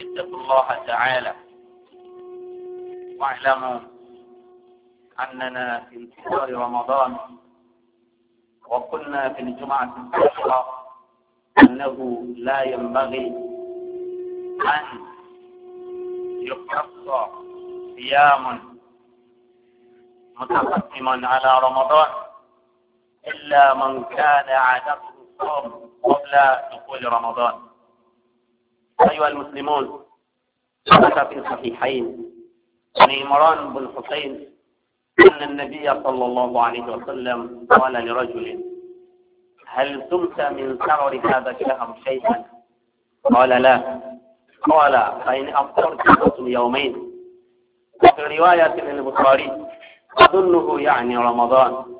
اتقوا الله تعالى واعلموا أننا في انتظار رمضان وقلنا في الجمعة الأخرى أنه لا ينبغي أن يقتص صيام متقدما على رمضان إلا من كان عادته الصوم قبل دخول رمضان أيها المسلمون ثبت في الصحيحين عن عمران بن حسين أن النبي صلى الله عليه وسلم قال لرجل هل سمت من ثغر هذا الشهر شيئا قال لا قال فإن أفطرت يومين وفي رواية للبخاري أظنه يعني رمضان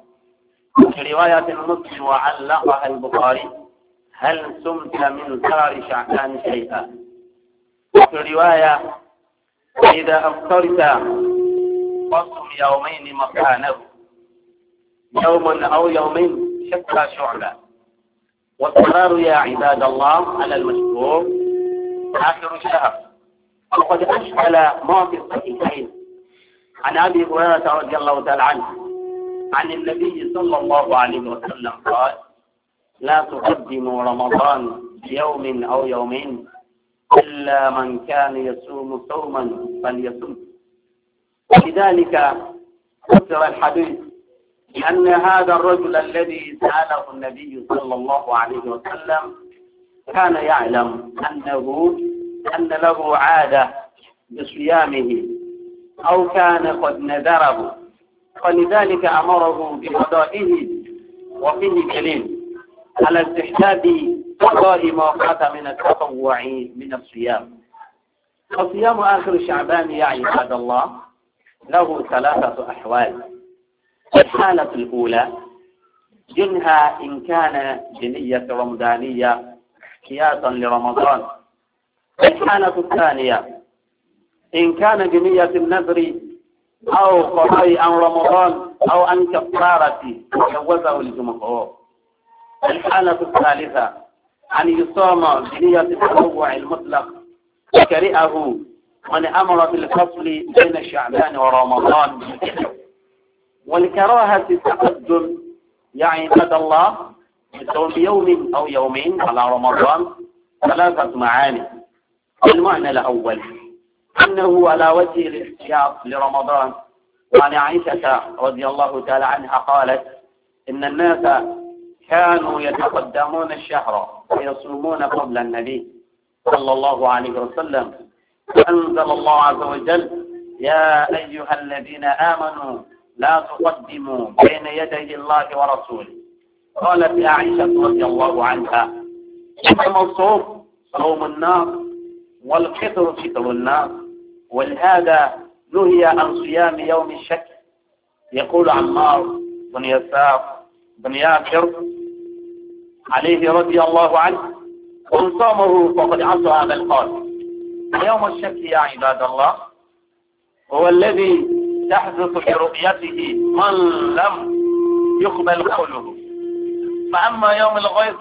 وفي رواية مسلم وعلقها البخاري هل سمت من ثار شعبان شيئا وفي رواية إذا أفطرت فصم يومين مكانه يوم أو يومين شتى شعبة والقرار يا عباد الله على المشكور آخر الشهر وقد أشكل موقف الصحيحين عن أبي هريرة رضي الله تعالى عنه عن النبي صلى الله عليه وسلم قال لا تقدموا رمضان بيوم أو يومين إلا من كان يصوم صوما فليصم لذلك كثر الحديث أن هذا الرجل الذي سأله النبي صلى الله عليه وسلم كان يعلم أنه أن له عادة بصيامه أو كان قد نذره فلذلك أمره بقضائه وفيه دليل على استحباب قضاء ما فات من التطوع من الصيام فصيام آخر شعبان يا عباد الله له ثلاثة أحوال الحالة الأولى جنها إن كان بنية رمضانية احتياطا لرمضان الحالة الثانية إن كان بنية النذر أو قضاء عن رمضان أو عن كفارة جوزه الجمهور الحالة الثالثة أن يصام بنية التنوع المطلق وكرهه من أمر بالفصل بين شعبان ورمضان والكراهة التقدم يعني مدى الله بالصوم بيوم أو يومين على رمضان ثلاثة معاني المعنى الأول أنه على وجه الاحتياط لرمضان وعن عائشة رضي الله تعالى عنها قالت إن الناس كانوا يتقدمون الشهر ويصومون قبل النبي صلى الله عليه وسلم فأنزل الله عز وجل يا أيها الذين آمنوا لا تقدموا بين يدي الله ورسوله قالت عائشة رضي الله عنها إنما الصوم صوم النار والفطر فطر النار ولهذا نهي عن صيام يوم الشك يقول عمار بن يسار بن ياسر عليه رضي الله عنه انصامه فقد عصى هذا القاتل يوم الشك يا عباد الله هو الذي تحدث برؤيته من لم يقبل قوله فأما يوم الغيظ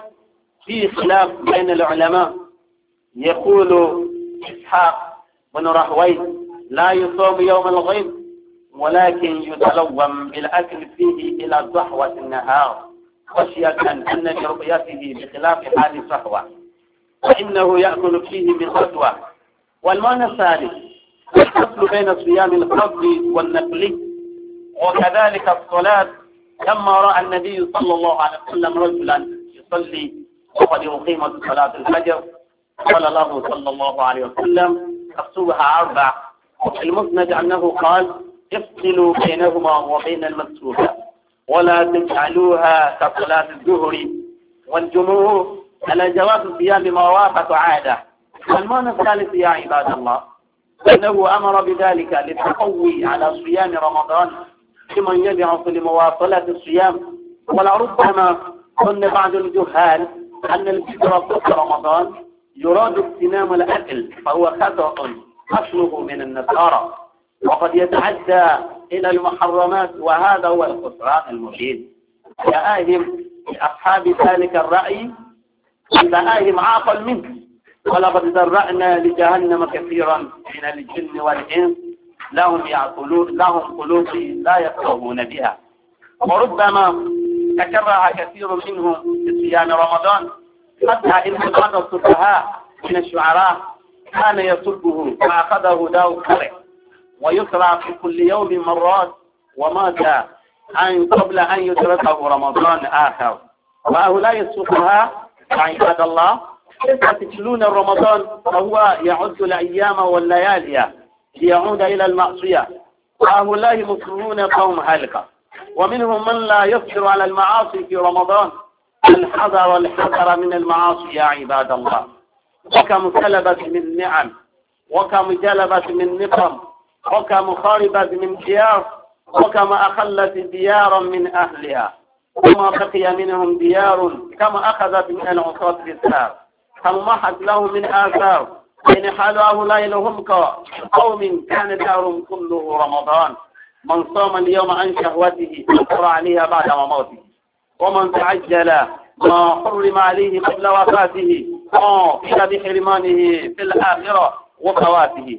في خلاف بين العلماء يقول إسحاق بن رهوي لا يصوم يوم الغيظ ولكن يتلوم بالأكل فيه إلى ضحوة النهار خشية أن لرؤيته بخلاف حال صحوة فإنه يأكل فيه بالغدوة والمعنى الثالث الفصل بين صيام الفرض والنقل وكذلك الصلاة لما رأى النبي صلى الله عليه وسلم رجلا يصلي وقد أقيمت صلاة الفجر قال له صلى الله عليه وسلم الصبح أربع وفي المسند أنه قال افصلوا بينهما وبين المكتوبة ولا تجعلوها كصلاة الظهر والجمهور على جواز الصيام ما وافق عادة المعنى الثالث يا عباد الله أنه أمر بذلك للتقوي على صيام رمضان لمن في لمواصلة الصيام ولربما ظن بعض الجهال أن الفجر في رمضان يراد اغتنام الأكل فهو خطأ أصله من النصارى وقد يتعدى إلى المحرمات وهذا هو الخسران المبين فآهم أصحاب ذلك الرأي فآهم عاقل منك ولقد ذرأنا لجهنم كثيرا من الجن والإنس لهم يعقلون لهم قلوب لا يفقهون بها وربما تكرر كثير منهم في صيام رمضان حتى إن بعض السفهاء من الشعراء كان يسبه فأخذه داء كره ويقرأ في كل يوم مرات ومات عن قبل أن يتركه رمضان آخر وهؤلاء السفهاء يعني عباد الله يتتلون رمضان فهو يعد الأيام والليالي ليعود إلى المعصية وهؤلاء مصرون قوم هلكة ومنهم من لا يصبر على المعاصي في رمضان الحذر الحذر من المعاصي يا عباد الله وكم سلبت من نعم وكم جلبت من نقم وكم خربت من ديار وكما أخلت ديارا من أهلها وما بقي منهم ديار كما أخذت من العصاة بالسار كما محت له من آثار إن حلوه ليلهم كقوم كان دارهم كله رمضان من صام اليوم عن شهوته أقر عليها بعد مماته ومن تعجل ما حرم عليه قبل وفاته قام بحرمانه في الآخرة وفواته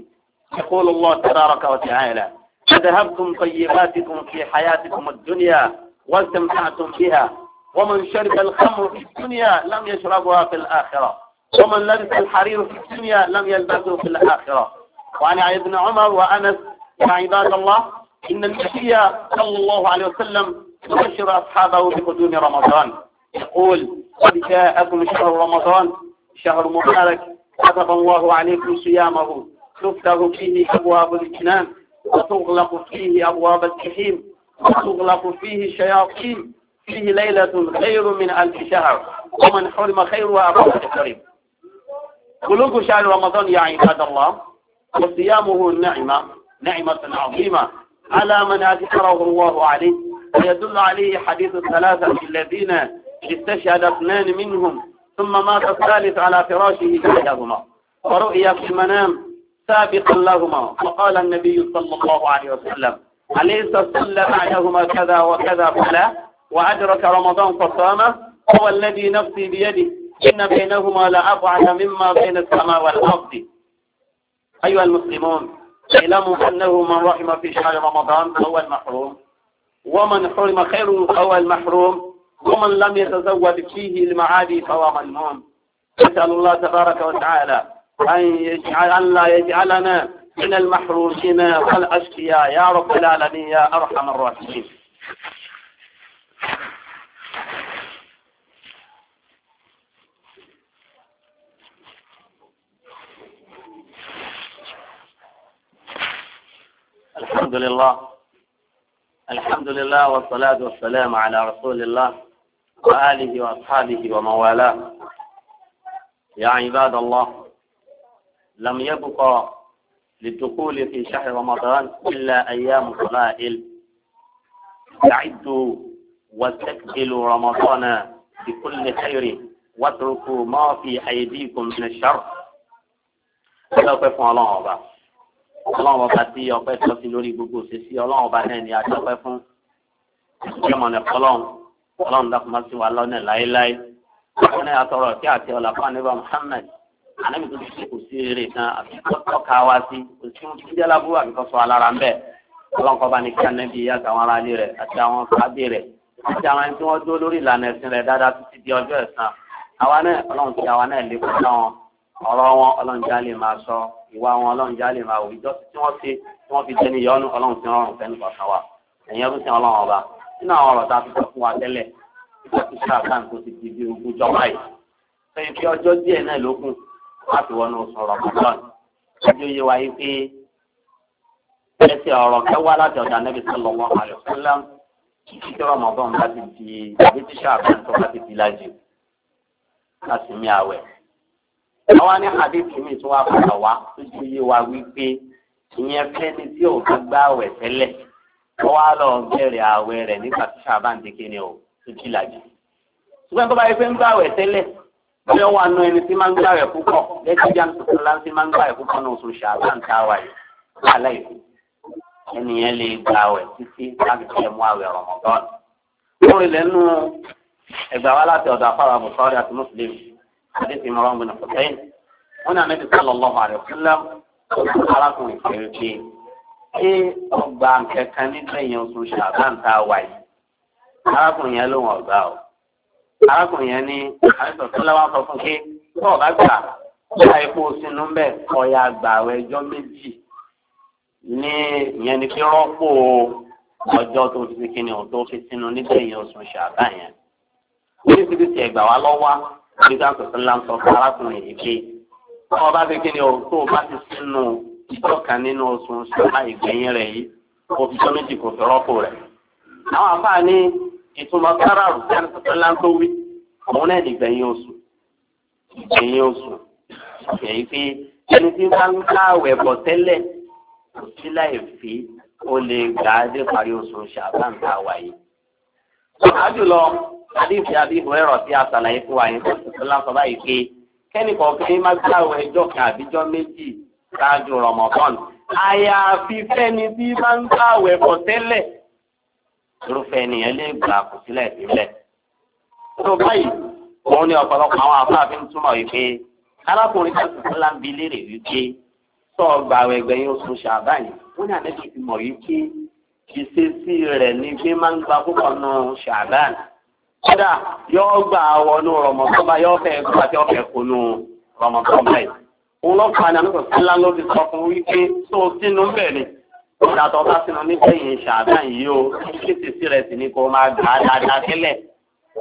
يقول الله تبارك وتعالى فذهبتم طيباتكم في حياتكم الدنيا واستمتعتم بها ومن شرب الخمر في الدنيا لم يشربها في الآخرة ومن لبس الحرير في الدنيا لم يلبسه في الآخرة وعن ابن عمر وأنس يا عباد الله إن النبي صلى الله عليه وسلم يبشر أصحابه بقدوم رمضان يقول قد جاءكم شهر رمضان شهر مبارك كتب الله عليكم صيامه تفتح فيه أبواب الجنان وتغلق فيه أبواب الجحيم وتغلق فيه شياطين فيه ليلة خير من ألف شهر ومن حرم خيرها فهو الكريم بلوغ شهر رمضان يا عباد الله وصيامه النعمة نعمة عظيمة على من أذكره الله عليه ويدل عليه حديث الثلاثة الذين استشهد اثنان منهم ثم مات الثالث على فراشه بعدهما ورؤيا في المنام سابقا لهما فقال النبي صلى الله عليه وسلم أليس صلى بعدهما كذا وكذا فلا وأدرك رمضان فصامه هو الذي نفسي بيده إن بينهما لأبعد مما بين السماء والأرض أيها المسلمون اعلموا أنه من رحم في شهر رمضان فهو المحروم ومن حرم خيره فهو المحروم ومن لم يتزود فيه المعادي فهو ممنون نسأل الله تبارك وتعالى أن يجعل الله يجعلنا من المحروسين والأشقياء يا رب العالمين يا أرحم الراحمين الحمد لله الحمد لله والصلاة والسلام على رسول الله وآله وأصحابه ومن والاه يا عباد الله لم يبقى للدخول في شهر رمضان إلا أيام قلائل استعدوا واستكملوا رمضان بكل خير واتركوا ما في أيديكم من الشر ọlọ́pẹ́ fún ọlọ́run ọba ọlọ́run ọba tí ọpẹ́ tó sí lórí gbogbo òṣèṣì ọlọ́run ọba náà ni àjọpẹ́ fún ìjọmọ̀nà fọlọ́run ọlọ́run dákúmọ́ sí wa lọ́nà láéláé ọlọ́run àtọ̀rọ̀ tí àti ọ̀làfáà nígbà Muhammad ànábì tó ti ṣe kò sí eré kan àfikún ọ̀ka wá sí òsì tó jẹ́ lábúrò àfikún sọ alára ń bẹ̀ ọlọ́nkọ́ bá ní kí ànábì yá àtàwọn aráalé rẹ̀ àti àwọn fàábì rẹ̀ àti àwọn ẹni tí wọ́n dúró lórí ìlànà ẹ̀sìn rẹ̀ dáadáa títí di ọjọ́ ẹ̀san àwa náà ọlọ́run ti àwa náà lè kọ́ta wọn ọ̀rọ̀ wọn ọlọ́run já lè máa sọ ìwà wọn ọlọ́run já lè máa wò ìjọ tí wọ́n fi tí wọ́n fi jẹni yọnu ọlọ́run ti rọrùn fẹ́ni kọ̀ọ̀kan wa ẹ̀yin ọdún sí ọlọ́run ọba nínú àwọn ọ̀rọ̀ tá a fi sọ fún wa tẹ́lẹ̀ nígbà tí sáà sáà tó ti di bí ogún jọ báyìí sẹ́yìn bí ọjọ́ díẹ̀ náà lókun láti wọnú oṣù rọmọdán ojú yìí wáyé pé ẹsẹ̀ ọ̀rọ̀ kẹwàá láti ọ̀dọ̀ anábì sọlọ wọn àlùfẹlẹ títí rọmọdán bá di àbí tíṣà àbẹntọ bá ti di lájẹ láti mí àwẹ̀. àwa ní àdéhùn mi tún wá padà wá ojú yìí wá wípé ìyẹn fẹni tí ò bá gbá àwẹ̀ tẹ́lẹ̀ wọn wá lọ bẹ̀rẹ̀ àwẹ̀ rẹ̀ nígbà tíṣà àbáǹdékè ni ò tó jí làjẹ. ṣùgbọ́n tó bá yẹ pé ń gbá àwẹ̀ tẹ́lẹ̀ bí wọ́n wà nù ẹni tí máa ń gbà rẹ̀ púpọ̀ lẹ́sìn bí àǹtọ̀tọ̀ láti tí máa ń gbà rẹ̀ púpọ̀ náà oṣù ṣàbá ń táwà yìí lálẹ́ ìlú ẹnìyẹn lè gbà wẹ̀ títí láti fẹ́ mú àwẹ̀ Ramadan. lórí lẹ́nu ẹgbà wa láti ọ̀dọ̀ afárá Bukhari àti Muslim àdéhùn ìmọ̀ràn gbìnà fọ̀tẹ́yìn wọn náà mẹ́tẹ̀ẹ́ sálọ lọ́wọ́ àrẹ fúnlẹ́m arákùnrin kéré pé ṣé ọgbà kẹkẹ nígbẹ̀yìn oṣù ṣàbá ń táwà yìí arákùnrin yẹn ló wọ̀ gbà arákùnrin yẹn ní àìsàn tó lọ́wọ́ sọ fún pé tó ọ̀bá gbà ọ̀la epo sínú ń bẹ̀ ọ̀ya àgbà rẹ̀ ọjọ́ méjì ní ìyẹn ni pé rọ́pò ọjọ́ tó fi ṣe kíni ọ̀tọ́ fi sínú nígbẹ̀yìn oṣù ṣàbá yẹn. oríṣiríṣi ẹ̀gbà wa lọ́wọ́ nígbà tó ti láǹsọ fún arákùnrin yìí pé tó ọba fi kíni o tó bá ti sínú ìjọ kan nínú oṣù ṣàbá ìgbẹ̀yìn rẹ̀ yìí kò fi ọjọ́ méjì kò fi rọ́pò rẹ̀. àwọn àfáà ìtumọ̀ kára àrùjá ní sọ́tọ́lá tó wí òun náà nìgbẹ̀yìn oṣù ìgbẹ̀yìn oṣù ìgbẹ̀yìn pé ẹni tí bá ń ká àwẹ̀ bọ̀ tẹ́lẹ̀ kò sí láì fi ó lè gbà á dé parí oṣù ṣàbáǹtà wáyé. àjù lọ àdìsí àdìbò ẹ̀rọ tí a ṣàlàyé fún wa yẹn tó ti sọ́lá sọ báyìí pé kẹ́nìkan kí má gbà àwẹ̀ ẹjọ́ kan àbíjọ́ méjì ṣáájú rọmọkàn àyàfi fẹ́ni tí bá ń ká àwẹ̀ bọ̀ tẹ́lẹ̀ irúfẹ́ ènìyàn lè gbà kó sílẹ̀ sílẹ̀. tó báyìí òun ni ọ̀pọ̀lọpọ̀ àwọn afáàfin túmọ̀ wípé arákùnrin kan sì fúnlá ń bi léèrè wípé tó ọgbà ẹgbẹ́ yín oṣù ṣàbáyé ó ní àdébí ti mọ̀ wípé ìṣesí rẹ̀ ni pé máa ń gba púpọ̀ nù ṣàbáyé kódà yóò gbà wọnú rọmọkọ́mà yóò fẹ́ gbà tí yóò fẹ́ kónú rọmọkọ́mà yìí. òun lọ́kàn àná ló sọ fún wípé tó sínú bẹ́ẹ̀ ni ọ̀dà tó bá sínú nígbẹ̀yìn ṣàbíàn yìí o kéṣe sí rẹ̀ sì ni kó máa gbà á dáadáa tẹ́lẹ̀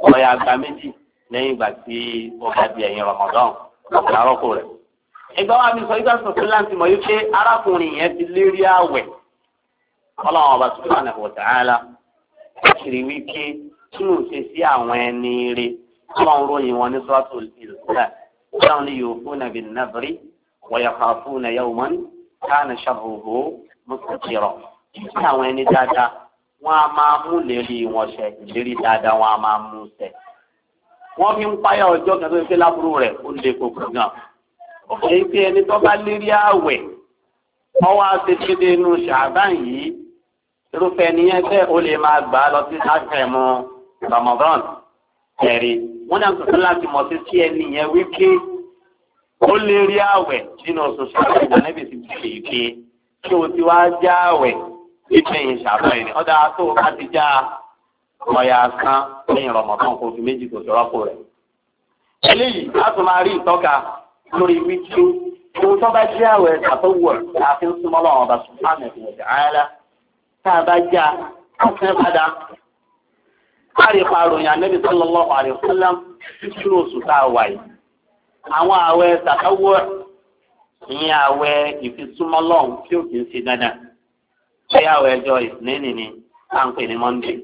ọ̀yà àgbà méjì lẹ́yìn ìgbà tí ó bá di ẹ̀yìn rọ̀mọ̀dán ọ̀dàrọ́kọ rẹ̀. ìgbà wa mi sọ ìgbà sọ̀tún láti mọ̀ yìí pé arákùnrin yẹn ti lérí àwẹ̀ ọlọ́run ọba subhanahu wa ta'ala kiri wípé tí mo ṣe sí àwọn ẹni rẹ̀ ọlọ́run ròyìn wọn ní suratul ìlúkúlà ọlọ́run mọ̀tòkìrọ̀ tí àwọn ẹni dáadáa wọ́n á máa mú lérí wọn ṣẹ ìlérí dáadáa wọ́n á máa mú ṣẹ. wọ́n fi ń páyà ọjọ́ kan tó ń pé lábúrò rẹ̀ ó lè kókó gan. ó fẹ́ pé ẹni tó bá lérí ààwẹ̀ wọ́n wá ṣe déédéé inú ṣàbán yìí irúfẹ́ nìyẹn bẹ́ẹ̀ ó lè máa gbà á lọ sí sáfẹ̀mù Ramadan ẹ̀rí wọ́n náà tuntun láti mọ̀ sí sí ẹni yẹn wípé ó lérí ààwẹ̀ nínú oṣù ṣàbán tí ti wá já àwẹ̀ ìgbẹ̀yìn ṣàbẹ̀yìn ni ọ̀dà tó bá ti já ọ̀yà kan lẹ́yìn rọ̀mọ̀tán kò fi méjì kò sọ̀rọ̀ kò rẹ̀. eléyìí a tún máa rí ìtọ́ka lórí tó bá já àwẹ̀ ń súnmọ́ lọ́wọ́ tá a bá já a ìyẹn awe ìfisúmọ́lọ́hún tí ò kì í ṣe dandan bóyá àwẹ̀ ọjọ́ ìsinmi ni à ń pè ní monday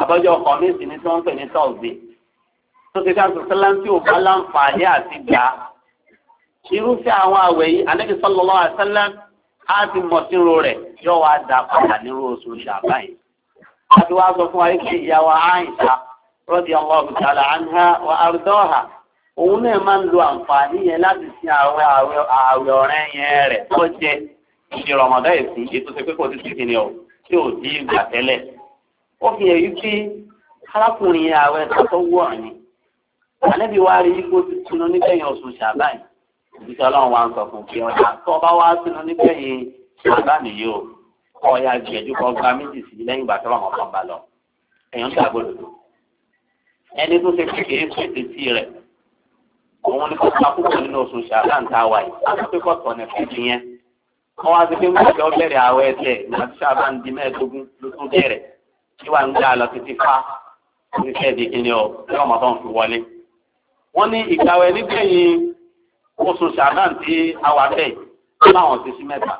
àbọ̀jọ́ kọ̀míìsì ni tí wọ́n ń pè ní thursday tó ti ká sọ́sẹ́lá tí ò bá láǹfààní àti gbà á irúfẹ́ àwọn àwẹ̀ yìí á ti mọ̀ sírò rẹ̀ yóò wá dá padà nírú oṣù ṣàbá yìí àti wá sọ fún wa kí òun náà máa ń lo àǹfààní yẹn láti sin àwẹ̀ àwẹ̀ àwẹ̀ ọ̀rẹ́ yẹn rẹ̀ tó jẹ ìṣe rọmọdá ìsìn ètò ṣe pé kò ti sìnkì ni ọ tí ò di ìgbà tẹ́lẹ̀ ó fi hàn yí pé arákùnrin yẹn àwẹ̀ tó wọ̀ ni àlẹ́bí wa rí ipò ti sinu nígbẹ̀yìn oṣù ṣàbáyé ìṣẹ́ ọlọ́run wa ń sọ fún pé ọjà tó ọba wa sinu nígbẹ̀yìn ṣàbáyé yìí o ọ̀ya gbìyànjú kan gba méjì sí lẹ́yìn ìgbà tó wà wọn kan bá lọ èèyàn gbàgbọ́dọ̀ ẹni tó ṣe kékeré pèsè sí rẹ òun ni kò ká púpọ̀ nínú oṣù ṣàlá ń ta wáyé àti kò tọ̀nà fìdí yẹn. wọ́n wá sí pé wọ́n jọ bẹ̀rẹ̀ àwọ̀ ẹ̀tẹ̀ láti ṣàbá ń di mẹ́ẹ̀ẹ́dógún ló tún bẹ̀rẹ̀ kí wàá ń gbà lọ títí fá oníṣẹ́ di kíni ọ bí ọmọ tó ń fi wọlé. wọ́n ní ìgbàwẹ̀ nígbẹ̀yìn oṣù ṣàlá ń ti àwà bẹ́ẹ̀ láwọn ti sí mẹ́ta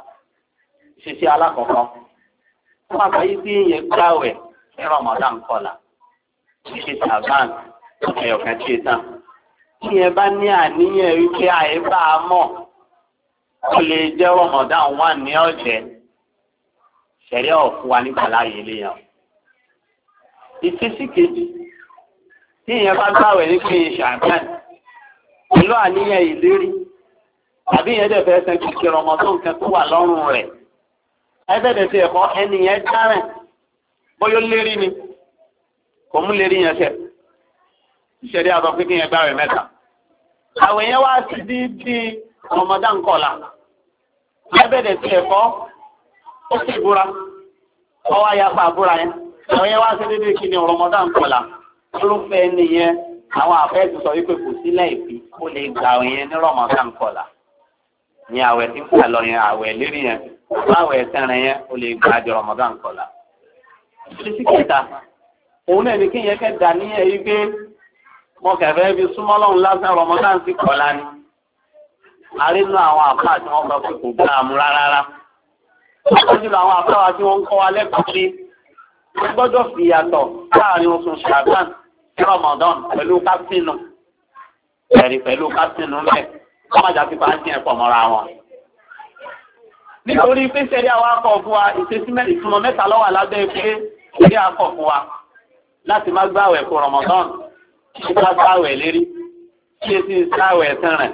tí yẹn bá ní àníyàn wípé àìbá a mọ̀ ó lè jẹ́ ọmọdá wà ní ọ̀jẹ̀ ṣẹ̀rí ọ̀fún wa nígbà láàyè léyàn. ìfísí kejì tí yẹn bá gbàwẹ̀ ní pé ṣàgbọ́n pẹ̀lú àníyàn ìlérí àbí yẹn dẹ̀ fẹ́ sẹ́ńtì kìrọ̀ ọmọ tó nǹkan tó wà lọ́rùn rẹ̀ ẹgbẹ́dẹ̀ sí ẹ̀kọ́ ẹni yẹn dárẹ̀ bóyó lérí ni kò mú lérí yẹn ṣẹ̀ ṣẹ̀rí àbọ̀ pínpín yẹn gbàwẹ̀ mẹ́ta. àwẹ̀ yẹn wá sí bí bí ọmọdé ńkọ̀la lábẹ́rẹ̀ tí ẹ̀kọ́ ó sì búra ọwá ya àbúra yẹn àwẹ̀ yẹn wá sí dédé kí ni ọmọdé ńkọ̀la olùfẹ́ nìyẹn àwọn àfẹ́ sọ wípé kò sílẹ̀ ó lè ní àwẹ̀ tí ń lọ yẹn àwẹ̀ mo kẹfẹ́ bí súnmọ́ lọ́hùn lásán rọmọdán sí kọ́lá ni arínú àwọn àpá tí wọ́n kọ́ fún kò gbá àmú rárá lọ́jọ́ àwọn àpá wa tí wọ́n ń kọ́ wa lẹ́kọ̀ọ́ pé wọ́n gbọ́dọ̀ fi ìyàtọ̀ láàrin oṣù ṣàgbọ́n rọmọdán pẹ̀lú káptínù ẹ̀rí pẹ̀lú káptínù mẹ́ wọ́n má jàpí pa á sí ẹ̀pọ̀ mọ́ra wọn. nítorí pé sẹ́rí àwọn akọ̀ fún wa ìṣesímẹ́ ìtumọ̀ mẹ́ta lọ́wọ́ lábẹ́ pé sẹ́rí akọ̀ fún wa láti má gbàwẹ̀ fún rọmọdán tí bá sáwẹ̀ lérí tí e ti sáwẹ̀ sẹ́rẹ̀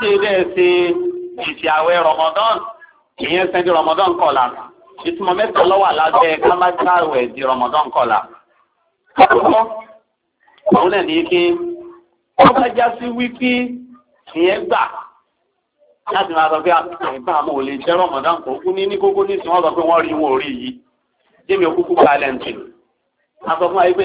tí e dẹ́ Ramadan ìyẹn sẹ́ni Ramadan kọ̀la ìtumọ̀ mẹ́ta lọ́wọ́ alábẹ́ ká má sáwẹ̀ di Ramadan kọ̀la. àkọ́kọ́ òun náà ní kí wọ́n bá já sí wípé ìyẹn gbà láti máa sọ pé àgbà mo lè jẹ́ Ramadan kò kú ní ní kókó ní ìsìn wọn sọ pé wọ́n rí wọn ò rí yìí jẹ́mi a sọ fún wa yìí pé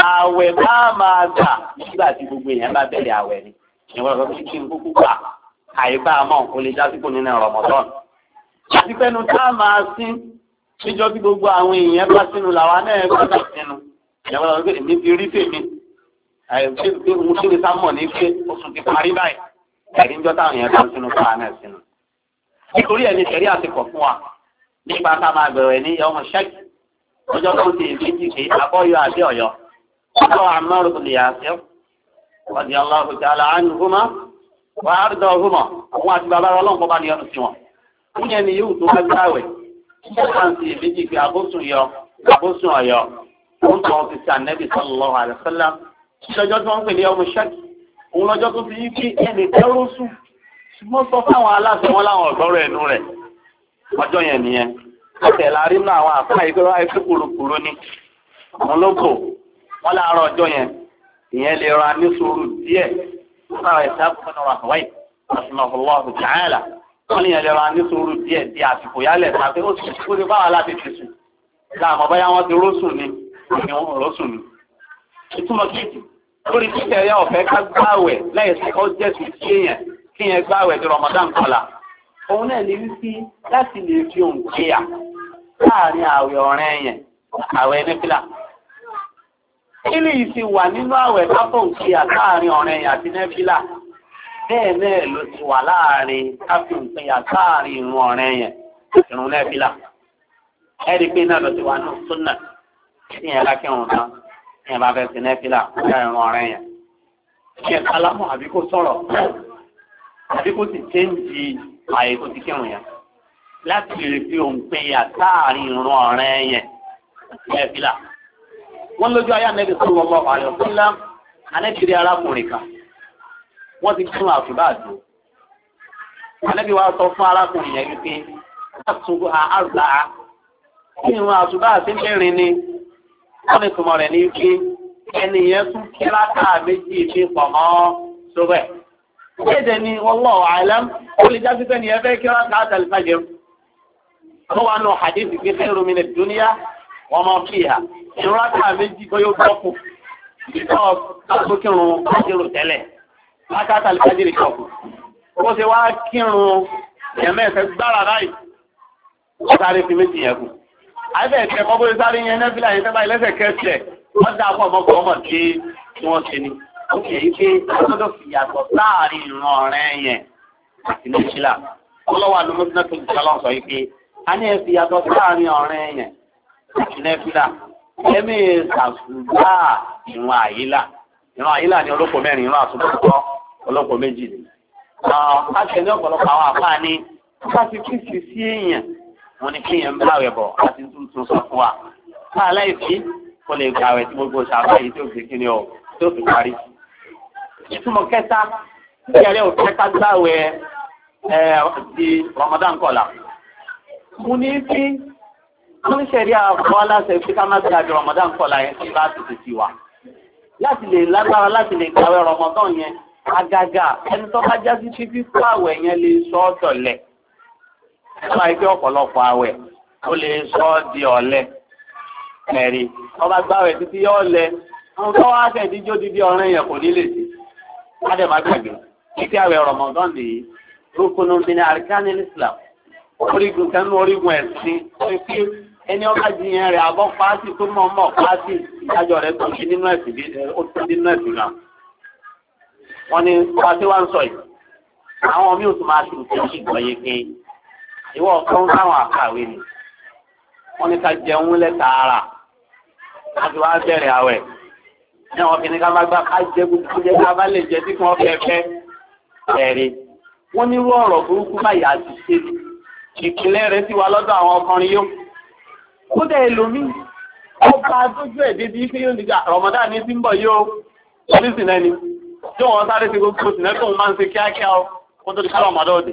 àwẹ̀ máa máa gbà nígbà tí gbogbo èèyàn bá bẹ̀rẹ̀ àwẹ̀ ni ìwọ̀n lọ sí kí n kúkú gbà àìbá àmọ́ kò lè jásíkò nínú Ramadan àti pẹ́nu tá a máa sí níjọ́ tí gbogbo àwọn èèyàn bá sínú làwa náà gbọ́dọ̀ sínú ìyàwó lọ sí èmi ti rí tèmi àìsí mo ṣe lè sá mọ̀ ní pé oṣù ti parí báyìí ẹ̀rí níjọ́ táwọn èèyàn bá sínú fáwọn náà sínú nítorí ẹni ṣẹ̀rí àtikọ̀ fún wa nípa ká máa bẹ̀rẹ̀ ní ọmọ ṣẹ́kì ọjọ́ tó ti èmi jì pé abọ́yọ àbí ọ̀yọ́ أخو عمار بن ياسر رضي الله تعالى عنهما وأرضاهما àwọn àti bàbá ọlọ́run bọ́bá ni ọdún tiwọn fún yẹn ni yóò tó bá gbáwẹ̀ ó kàn sí méjì pé àbóṣùn yọ àbóṣùn ọ̀yọ́ ó ń tọ́ ọ́fíìsì ànẹ́bì sallallahu alaihi wasallam lọ́jọ́ tí wọ́n ń pè ní ọmọ ṣẹ́kì òun lọ́jọ́ tó fi yí kí ẹnì tẹ́rù sùn ṣùgbọ́n sọ fáwọn aláṣẹ wọn láwọn ọ̀gọ́rọ̀ ẹ̀nu rẹ̀ ọjọ́ yẹn nìyẹn ọ̀tẹ̀ láàrin náà àwọn àfáà yìí pé wọ́n á fi kúrukúru ni àwọn lóko wọ́n láàárọ̀ ọjọ́ yẹn ìyẹn lè díẹ̀ ìsáàbù wọ́n ìyẹn lè ra ní sùúrù díẹ̀ di àsìkò yálẹ̀ tàbí ó sì kú sí báwa láti fi sùn láàmú wọ́n ti rọ́sùn ni ni wọ́n ni. ìtumọ̀ lórí títẹ̀ ọ̀fẹ́ ká gbáwẹ̀ lẹ́yìn sí ní kílì ti wà nínú àwẹ̀ káfọ̀nkì àtàrin ọ̀rẹ́ àti nẹ́fílà bẹ́ẹ̀ náà ló ti wà láàrin káfọ̀nkì àtàrin ìrun ọ̀rẹ́ yẹn ìrun nẹ́fílà ẹ̀rí pé náà ló ti wà ní súnà tí yẹn lákì ọ̀run tán yẹn bá fẹ́ sí nẹ́fílà ọ̀gá ìrun ọ̀rẹ́ yẹn kí ẹ kálámù àbí kó sọ̀rọ̀ àbí kó sì chéǹjì àyè tó ti kírun yẹn láti lè fi òǹpẹ̀yà táàrin ìrun ọ̀rẹ́ yẹn nẹ́fílà wọ́n lójú ayé anẹ́bí sallallahu alaihi wasallam anẹ́bìrì arákùnrin kan wọ́n ti tún àtúbà àdó anẹ́bí wa sọ fún arákùnrin yẹn wípé àtúbà àgbà kí ìrún àtúbà àti mẹ́rin ni wọ́n ní tùmọ̀ rẹ̀ ní wípé ẹni yẹn tún kí látà méjì fi pọ̀ mọ́ sóbẹ̀. Kéde ni wallahu alam, ó lè ni ẹ fẹ́ kí látà àtàlùfàjẹ́. Ó wà nù hadith gbé wọ́n mọ́ fi ìhà ìrọ́ta méjì bóyá ó tọ́kù ìtọ́ àtúnkírun kájírò tẹ́lẹ̀ látàtà kájírì kọ̀kù ó ṣe wá kírun ẹ̀mẹ́ẹ̀fẹ́ gbára láì ó sáré fi méjì yẹn kù àìfẹ́ ẹ̀kẹ́ kọ́ bóyá sáré yẹn nẹ́fìlà yẹn tẹ́bá ilẹ́sẹ̀ kẹsẹ̀ wọ́n dá pọ̀ mọ́kọ̀ ọmọ tí wọ́n ṣe ni ó kì í pé ọlọ́dọ̀ fi yàtọ̀ láàrin ìran ọ̀rẹ́ yẹn àti nẹ́fìlà ọlọ́wà ló mọ́ nẹ́fìlà ẹ̀mí sàṣùgbà ìwọ̀n àyílà ìwọ̀n àyílà ni olóko mẹ́rin ìwọ̀n àtúntò olóko méjì ni. káṣíẹ̀ ọ̀pọ̀lọpọ̀ àwọn àfáà ni káṣí kìsì sí èèyàn wọn ni kéèyàn ń báwẹ̀ bọ̀ àti tuntun sọ fún wa. ká aláìsí kò lè gbà wẹ̀ tí gbogbo ṣàbá yìí tó gbé kíni ọ tó fi parí. ìtumọ̀ kẹta ìyàrá òkè ká gbàwẹ̀ ẹ̀ di Ramadan kọ̀la. mo ní fi wọ́n ní sẹ̀rí àwọn aláṣẹ pé ká má gbé àjọ Ramadan kọlà yẹn kí bá ti tètè wà láti lè lágbára láti lè gbàwé Ramadan yẹn agaga ẹni tó bá já sí sí fífú àwẹ̀ yẹn lè sọ ọ́ dọ̀lẹ ọba ike ọ̀pọ̀lọpọ̀ àwẹ̀ ó lè sọ ọ́ di ọ̀lẹ ẹ̀rí ọba gbàwẹ̀ títí yọ ọ̀lẹ ohun tó wá fẹ́ díjó dídí ọ̀rẹ́ yẹn kò ní lè sí ádẹ́mà gbàgbé títí Islam orígun kanú orígun ẹ̀sìn ó fi ẹni ọba jiyàn rẹ̀ àbọ̀ pàṣẹ tó mọ̀ mọ̀ pàṣẹ ìdájọ́ rẹ̀ tó ṣe nínú ẹ̀sìn bí ó tó nínú ẹ̀sìn náà. wọ́n ní pàṣẹ wá ń sọ yìí àwọn mi ò tún máa ṣe òkè ìgbọ̀ yìí pé ìwọ ọ̀kan táwọn àkàwé ni wọ́n ní ká jẹun lẹ́ta ara láti wá bẹ̀rẹ̀ àwẹ̀ ní àwọn obìnrin ká bá gbá ká jẹ gbogbo jẹ ká bá lè jẹ tí wọ́n fẹ́ fẹ́ ẹ̀rí wọ́n nírú ọ̀rọ̀ burúkú báyìí àti ṣe ìpínlẹ̀ rẹ̀ sì wá lọ́dọ̀ àwọn ọkùnrin yóò kódà ẹlòmí ọba tójú ẹ̀dẹ́ bí pé yóò nígbà rọmọdá ní sí ń bọ̀ yóò pọ́lísì náà ni tí wọ́n sáré sí gbogbo sí náà tó máa ń ṣe kíákíá ọ kó tó di kálọ̀ ọmọdé òde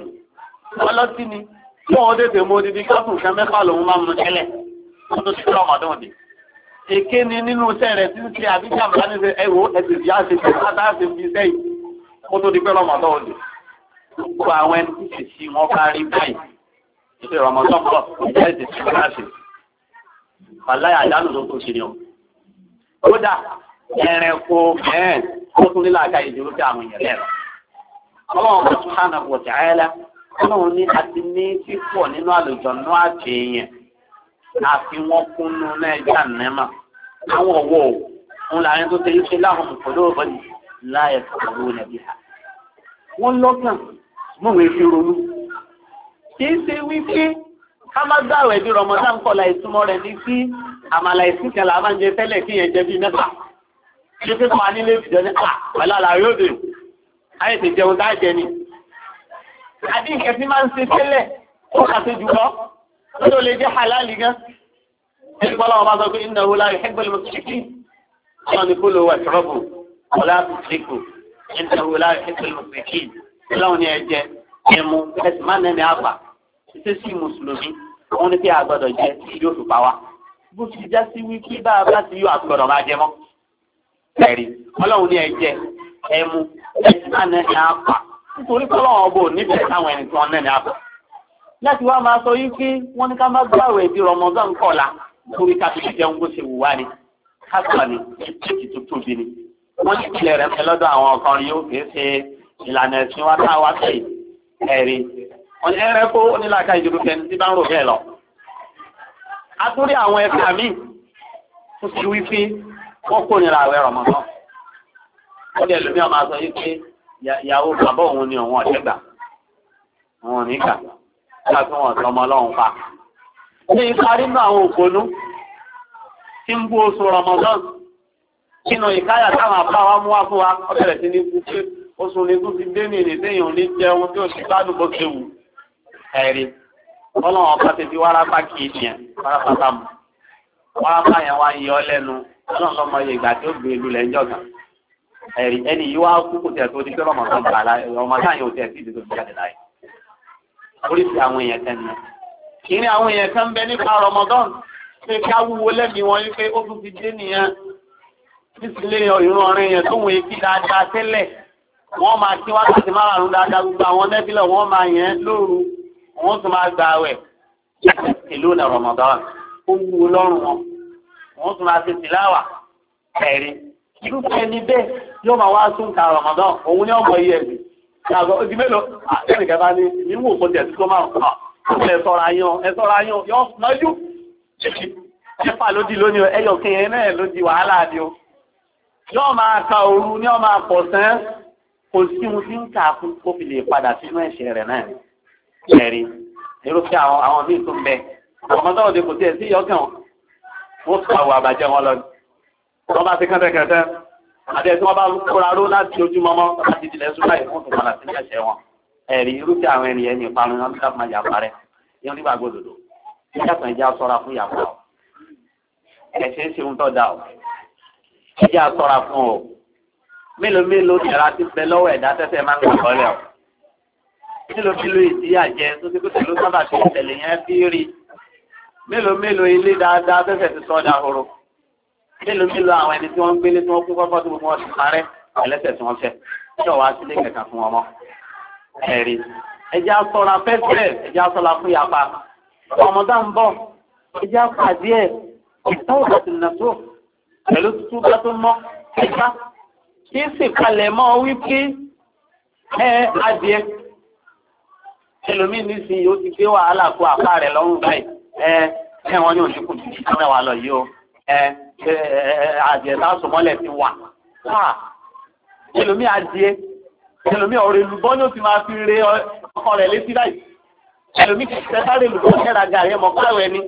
wọ́n lọ sí ni tí wọ́n tètè mú odidi kápùn kan mẹ́fà lòun máa mú tẹ́lẹ̀ kó tó di kálọ̀ nínú iṣẹ́ rẹ̀ tí ń ṣe àbíkà mọ́lá ní ṣe ẹ̀wọ̀ ìyá ṣe ṣe pátá ṣe sẹ́yìn kó tó di pẹ́lọ́ ọmọdé òde gbogbo àwọn ẹni tí ṣe sí bá rí báyìí ìṣe ọmọdé ọ̀pọ̀ ìjẹ́ ìdìsí wàláyà àdánù ló tó ṣe ni ọ. kódà ẹranko mẹ́rin ó tún nílò àga ìdúró bí àwọn èèyàn lẹ́rọ. ọlọ́run bá tún hànà bọ̀ tí ayẹ́lá ọlọ́run ní àti ní pípọ̀ nínú àlùjọ náà àti èèyàn àfi wọ́n kúnnú náà ẹja nẹ́mà àwọn ọ̀wọ́ ò ń láàrin tó ṣe iṣẹ́ láwọn òkòdó ọ̀bọ̀n láyé ọ̀rọ̀ nàbí ha. wọ́n lọ́kàn mọ̀wé fi ronú kì í ṣe wípé ká má gbàwẹ̀ bí rọmọdán kọlà ìtumọ̀ rẹ̀ ní sí àmàlà ìsìnkà là máa ń jẹ tẹ́lẹ̀ kí yẹn jẹ bí mẹ́fà ṣé pé fún anílé ìjọ ní àlà ah, pẹ̀lú àlà yóò dé ayé ti jẹun tá jẹ ni. àbí nǹkan tí máa ń ṣe tẹ́lẹ̀ ó kà sí jùlọ ó ló lè jẹ́ halali gan. ẹni pọ́lá wọn bá sọ pé iná wo láyé ẹgbẹ́lẹ́ mọ́tòkìtì ọ̀nà ni kó wà tọ́rọ̀bù ọ̀là àtúntìkù iná wo láyé ẹgbẹ́lẹ́ mọ́tòkìtì ṣíṣe sí mùsùlùmí wọn ní pé a gbọ́dọ̀ jẹ yóò fi pa wá bó ti já sí wípé bá a bá ti yóò àgbọ́dọ̀ máa jẹ mọ́ ẹ̀rí ọlọ́run ní ẹ̀jẹ̀ ẹ̀mú ẹ̀sìn náà ní apá nítorí kọ́lọ́run ọbọ̀ nífẹ̀ẹ́ táwọn ẹni tí wọ́n náà ní apá láti wá máa sọ yìí pé wọ́n ní ká má gbàwé bí rọmọdán kọ̀la torí ká fi jẹun bó ṣe wù wá ni ká sọ ni ètò tó tóbi ni wọ́n ní ìpìlẹ̀ rẹ̀ fẹ́ lọ́dọ̀ àwọn ọkàn yóò kéé ṣe ìlànà ẹ̀sìn wa táwa ṣe ẹ̀rí wọ́n ní ẹranko onílàkà ìdúró kẹ́ni tí bá ń rò bẹ́ẹ̀ lọ. a tún rí àwọn ẹ̀ka míì tó ti wí pé wọ́n kò nira àwẹ̀ rọ̀mọ́tọ́. ó lè lómi ni òun ọ̀dẹ́ gbà òun ò ní kà nígbà tí wọ́n sọmọ ọlọ́run pa. ní ìparí nínú àwọn òpónú tí ń bú oṣù rọ̀mọ́tọ́ kínú ìkáyà táwọn àbáwá mú wá fún wa ó bẹ̀rẹ̀ sí ní oṣù ní tó ti dé ní ìrètí èèyàn ní jẹun tí ó ti gbádùn bó ṣe wù. ẹ̀rí ọlọ́run ọba ti di wárápá kì í tiẹ̀ wárápá bá mu wárápá yẹn wá yọ lẹ́nu ọlọ́run lọ́mọ yẹ tí ó gbé ìlú lẹ́ kan ẹ̀rí ẹni kúkú tẹ̀ tó ọmọ bà láyé ọmọ tẹ̀ sí jáde láyé àwọn èèyàn nìyẹn ní àwọn èèyàn kan bẹ nípa ká wúwo wọn wípé ó tún ti dé nìyẹn wọ́n tún máa gba àwẹ̀ ìlú ní Ramadan ó wú lọ́rùn wọn wọ́n tún máa ṣe tìláwà ẹ̀rí irúfẹ́ ẹni bẹ́ẹ̀ yóò máa wá sún ka Ramadan òun ní ọmọ iye ẹ̀sìn yàtọ̀ odi mélòó àtẹ́nì kẹfà ni níwò kò tẹ̀ sí kó máa ń kọ́ ẹ sọ́ra yan ẹ sọ́ra yan yọ nájú ẹ̀fà ló di lónìí ẹyọ kẹyìn náà ló di wàhálà ni o yóò máa ka òru ní ọmọ àpọ̀sán kò sí ohun tí ń kà fún kó fi lè padà sínú ẹ̀ṣẹ̀ rẹ̀ náà ẹ̀rí irúfẹ́ àwọn àwọn míì tún bẹ ọmọ tọ́wọ́ ti kò tí ẹ̀ sí yọkàn wọ́n sọ àwọn àbàjẹ́ wọn lọ wọ́n bá ti kẹ́tẹ́kẹ́tẹ́ àti ẹ̀sìn wọn bá kóra ró láti ojúmọmọ láti ìdílé súnmọ́ ìfún tó padà sí ẹ̀ṣẹ̀ wọn ẹ̀rí irúfẹ́ àwọn ènìyàn ní ìparun náà nígbà máa yàpá rẹ yẹn nígbà gbòdòdó ìyàtọ̀ ẹ̀jẹ̀ asọ́ra fún yàpá o ẹ̀ṣẹ̀ ṣe ń tọ́ o ẹ̀jẹ̀ asọ́ra fún o mélòó mélòó mélòó mélòó ìdíyà jẹ tó ti kúta ló sábà tó ìṣẹ̀lẹ̀ yẹn fi rí mélòó mélòó ilé dáadáa fẹsẹ ti sọ ọdà horo mélòó mélòó àwọn ẹni tí wọ́n ń gbélé tí wọ́n kú kọkọ tó gbogbo wọn ti parẹ́ ẹlẹ́ṣẹ̀ tí wọ́n fẹ́ ṣọ wá sílé kẹkà fún ọmọ ẹ̀rí ẹjẹ asọra fẹsẹ ẹjẹ asọra fún yapa ọmọdé ń bọ̀ ẹjẹ apàdé ẹ ìtàn òkàtì ẹlòmíín nísìnyí ó ti gbé wàhálà kó àpá rẹ̀ lọ́rùn báyìí ẹ ẹ wọn ní òṣìkò tí kí kámẹ́wà lọ yìí o ẹ ẹ àjẹsà sọmọlẹ̀ ti wà ẹlòmíín adìẹ ẹlòmíín ọ̀rẹ́ lùbọ́ ni ó ti máa fi re ọkọ rẹ̀ létí báyìí ẹlòmíín kì í fẹ́ sáré lùbọ́ kẹ́ra gàrí ẹmọ káwẹ́ ni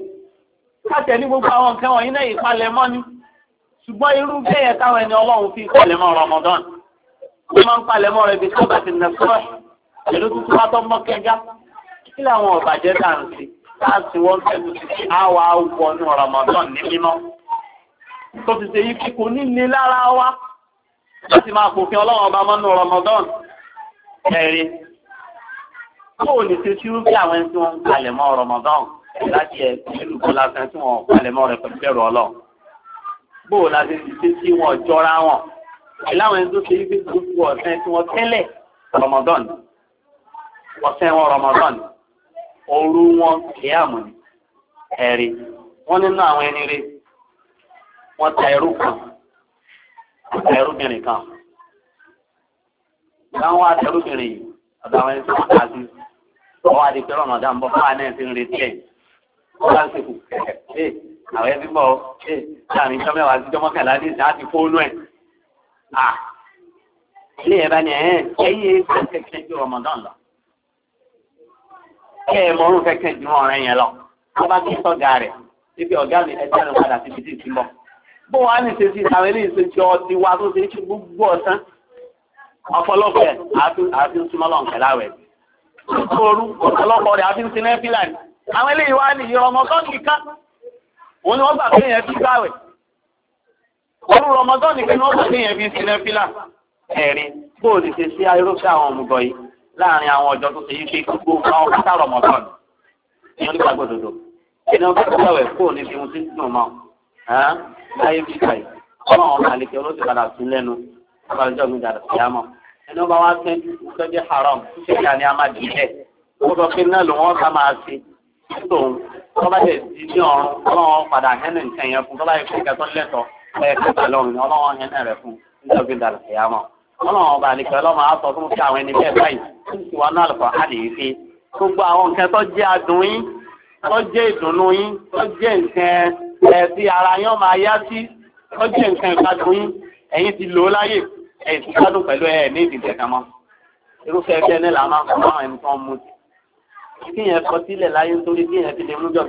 káṣẹ ní gbogbo àwọn nǹkan wọ̀nyí náà ìpalẹ̀ mọ́ ni ṣùgbọ́n irú bẹ́ẹ̀ káwọn ẹni ọlọ́run fi ìpalẹ̀ mọ́ Ramadan ó máa ń palẹ̀ mọ́ rẹ̀ bí sábà ti nà sọ́ọ̀ṣì pẹ̀lú tuntun bá tọ́ mọ́ kẹjá kí làwọn ọ̀bàjẹ́ dà ń sí láti wọ́n tẹ̀lú sí àwa wọnú Ramadan ní mímọ́ tó ti ṣe yí kí kò ní ní lára wa láti máa fòfin ọlọ́run ọba mọ́nú Ramadan ẹ̀rí kó ní ṣe tí ó bí àwọn ẹni tí wọ́n ń palẹ̀ mọ́ Ramadan láti ẹ̀ pẹ̀lú kó lásán tí wọ́n palẹ̀ mọ́ rẹ̀ pẹ̀lú bẹ̀rù ọlọ́run bó o láti ṣe ọ̀sẹ̀ wọn Ramadan òru wọn kìíyàmù ẹ̀rí wọ́n nínú àwọn ẹni rí wọ́n ta ẹrú kan ta kan láwọn àtẹrúbìnrin yìí ẹni tí wọ́n ta sí ọwọ́ àdìpẹ́ Ramadan bọ́ fún retí ẹ̀ wọ́n bá ilé ẹ mọ orúkọ kẹkẹ ọ̀rẹ́ yẹn lọ wọn bá kí sọgà rẹ ibi ọgá mi ẹgbẹ́ rẹ padà síbi tí ì ti bọ bó wàá ní ṣe sí ìtàwé ní ti wá tó ṣe ṣe gbogbo ọ̀sán ọ̀pọ̀lọpọ̀ àfi ń súnmọ́ lọ́nkẹ́ láwẹ̀ ooru ọ̀pọ̀lọpọ̀ àwọn eléyìí wá ní ìrọmọ òun ni gbà pé yẹn fi wọ́n láàrin àwọn ọjọ́ tó ṣe yí pé gbogbo àwọn pátá rọmọtọ́nù ni wọ́n nípa gbọdọ̀dọ̀ ẹni ọba tó wẹ̀wẹ̀ kó ní fi ohun tí ń dùn mọ́ láyé fi kà yìí ọmọ àwọn àlejò olóṣèlú padà tún lẹ́nu ọbàlejò mi dàda sí àmọ́ ẹni ọba wa tẹ́ sọ́jú haram ṣe kí a ní amadi ilẹ̀ ó sọ pé náà ló wọ́n ká máa ṣe tòun tọ́ba tẹ̀ sí ní ọ̀run ọlọ́wọ́n padà hẹ́nẹ̀ nǹkan yẹn fún tọ́ba yẹ kó kẹtọ́ lẹ́tọ̀ọ́ ẹ̀ẹ́dẹ́gbẹ̀lọ́run ọlọ́wọ́n rẹ̀ fún nígbà gbé dàda sí àmọ́ ọlọ́run ọba àlekẹ́ ọlọ́run á sọ fún kí àwọn ẹni bẹ́ẹ̀ báyìí tó ti wà náà lọ́kọ̀ á lè fi gbogbo àwọn nǹkan tó jẹ́ adùn yín tó jẹ́ ìdùnnú yín tó jẹ́ nǹkan ẹ̀ tí ara yín máa yá sí tó jẹ́ nǹkan ìgbádùn yín ẹ̀yin ti lò ó láyè ẹ̀yin ti gbádùn pẹ̀lú ẹ̀ ní ìdìbẹ̀ kan mọ́ irúfẹ́ ẹgbẹ́ ní làá máa ń fún àwọn ẹni tó ń mu kí yẹn kọ sílẹ̀ láyé nítorí kí yẹn fi lè mú jọ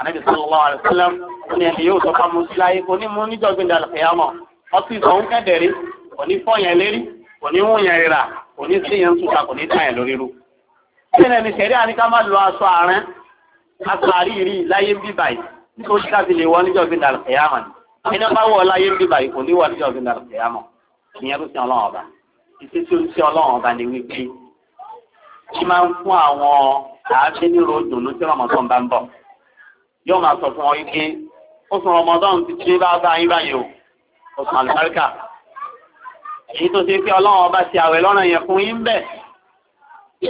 ànábì sallallahu alaihi wasallam ó ní ẹni yóò sọ fún amúsí láyé onímú níjọ́gbìn dàlẹ́ fẹ́yàmọ̀ ọtí ìsọ̀hún kẹ́dẹ̀rí kò ní fọ́ yẹn lérí kò ní wú yẹn rírà kò ní sí yẹn túta kò ní tà yẹn lórí ru. kí ni ẹni sẹ́rí àníká má lo aṣọ àárín aṣọ àríyìí láyé ń bí báyìí nítorí káfí lè wọ níjọ́gbìn dàlẹ́ fẹ́yàmọ̀ ni ẹni bá wọ láyé ń bí báyìí kò ní wọ níjọ́gbìn dàlẹ́ fẹ́yàmọ̀ ìyẹn máa yóò máa sọ fún ọ yìí pé oṣù Ramadan ti ṣe bá bá yín báyìí o oṣù àlùbáríkà èyí tó ṣe pé ọlọ́run ọba ti àwẹ̀ lọ́nà yẹn fún yín bẹ́ẹ̀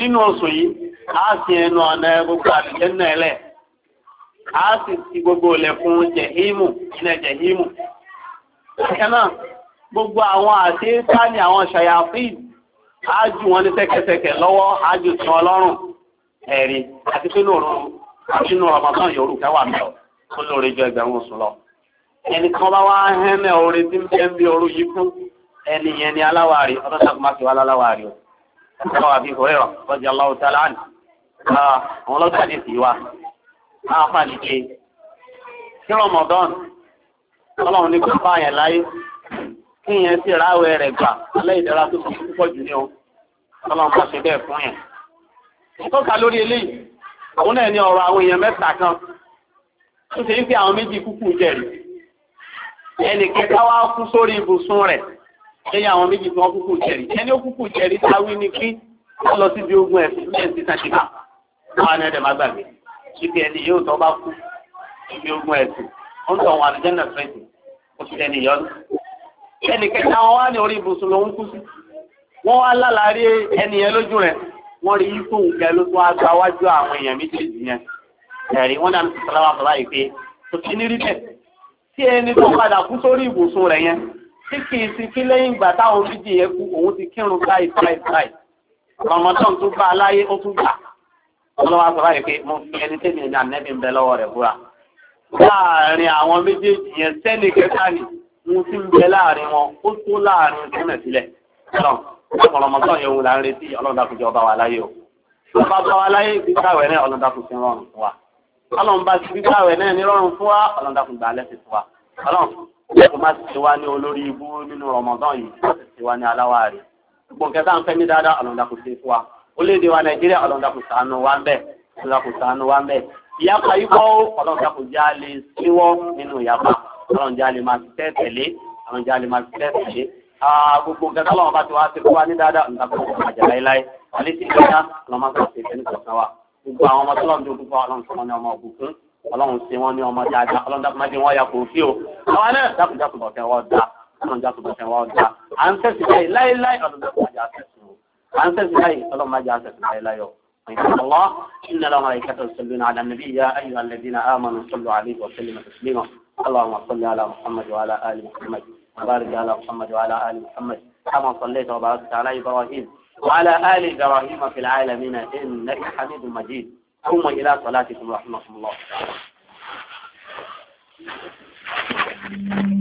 nínú oṣù yìí a sì ẹnu ọ̀nà gbogbo àbíjẹ́ náà ẹlẹ́ a sì ti gbogbo ilẹ̀kùn jẹ̀hímù ilẹ̀ jẹ̀hímù bákan gbogbo àwọn àti sáni àwọn ṣàyàfíì a jù wọn ní ṣẹ̀kẹ̀ṣẹ̀kẹ̀ lọ́wọ́ a jù tún ọlọ́run ẹ̀rí àti pínlẹ̀ òrùn nínú Ramadan yòórù kẹwàá mi ọ tó lórí ju ẹgbẹ̀rún oṣù lọ ẹnìkan bá wá hẹ́mẹ̀ orin tí ń bẹ́ ń bí oru yìí fún ẹni yẹn ni aláwárí ọdún sàkúmákì wà láláwárí o ọjọ́ wa fi hòrẹ́rọ̀ ọjọ́ aláwọ̀ tí aláàní àwọn ọlọ́dún àti ìsìn wa máa fà nìke kí Ramadan ọlọ́run ní kó bá yẹn láyé kí yẹn sì ráwẹ̀ rẹ̀ gbà alẹ́ ìdára tó kù púpọ̀ àwọn náà ní ọ̀rọ̀ àwọn èèyàn mẹ́ta kan tó ṣe ń fi àwọn méjì kúkú jẹ̀rí ẹnì kẹta wá kú sórí ibùsùn rẹ̀ lẹ́yìn àwọn méjì tí wọ́n kúkú jẹ̀rí ẹni ó kúkú jẹ̀rí táwí ni kí wọ́n lọ síbi ogun ẹ̀sìn lẹ́yìn títà ṣìkà náà ní ẹ̀dẹ̀ má gbàgbé ṣíbi ẹni yóò tọ́ bá kú síbi ogun ẹ̀sìn ó ń tọ̀ wọn àlùjẹ́nà fẹ́ẹ̀tì ó ti wọ́n rí yíkó nǹkan ló tún aṣọ awájú àwọn èèyàn méjèèjì yẹn ẹ̀rí wọ́n dà ní sàlámà sọ̀rọ̀ yìí pé kò sí ní rí bẹ́ẹ̀ tí ẹni tó padà kú sórí ìbùsùn rẹ̀ yẹn tí kì í sí kí lẹ́yìn ìgbà táwọn méjì yẹn kú òun ti kírun báyìí báyìí báyìí rọmọdán tó bá aláyé ó tún gbà ọlọ́wọ́ sọ̀rọ̀ yìí pé mo fi ẹni tẹ́mi ẹni ànẹ́bí ń bẹ lọ́wọ́ rẹ̀ búra láàárín àwọn méjèèjì yẹn sẹ́ni kẹta ni mo ti ń bẹ láàárín wọn ó tó láàárín sẹ́mẹ̀ sílẹ̀ ọ̀pọ̀ Ramadan yẹn wò là ń ọlọ́dà kò jẹ́ ọba wa láyé o ọba ọba wa láyé gbígbàwẹ̀ náà ọlọ́dà kò fi rọrùn fún wa ọlọ́run bá ti gbígbàwẹ̀ náà ní rọrùn fún wa ọlọ́dà kò gbà á lẹ́sìn fún wa ọlọ́run kò má ti wá ní olórí ibú nínú Ramadan yìí kò sì ti wá ní aláwa rẹ̀ gbogbo nǹkan tá à ń fẹ́ ní dáadáa ọlọ́dà kò ṣe fún wa orílẹ̀-èdè wa Nàìjíríà ọlọ́dà kò ṣàánú wa ń bẹ̀ ọlọ́dà kò ṣàánú wa ń bẹ̀ ìyapa yìí kọ́ ọlọ́dà kò já lè síwọ́ nínú ìyapa ọlọ́dà lè gbogbo nǹkan tó lọ́wọ́ bá ti wá ti kó wa ní dáadáa nǹkan tó kọ́ àjà láéláé àlẹ́ sì gbẹ́ná lọ́mọ kan ṣe ìfẹ́ nìkan wa gbogbo àwọn ọmọ tó lọ́wọ́ dúró fún ọlọ́run sọ wọn ní ọmọ ògùnkún ọlọ́run ṣe wọn ní ọmọ dáadáa ọlọ́run dákun máa di wọn ya kò sí o àwọn náà dákun dákun bọ̀tẹ́ wọn dá ọlọ́run dákun bọ̀tẹ́ wọn dá à ń tẹ̀sí báyìí láéláé ọlọ́run dákun máa jẹ́ àṣẹ̀sìn o à ń tẹ̀sí báyìí ọlọ́run máa jẹ́ àṣẹ̀sìn láéláé o. الله إن الله ملائكته يصلون على النبي يا أيها الذين آمنوا صلوا عليه وسلموا تسليما اللهم صل على محمد وعلى آل محمد وبارك على محمد وعلى آل محمد كما صليت وباركت على إبراهيم وعلى آل إبراهيم في العالمين إنك حميد مجيد قوم إلى صلاتكم رحمكم الله you.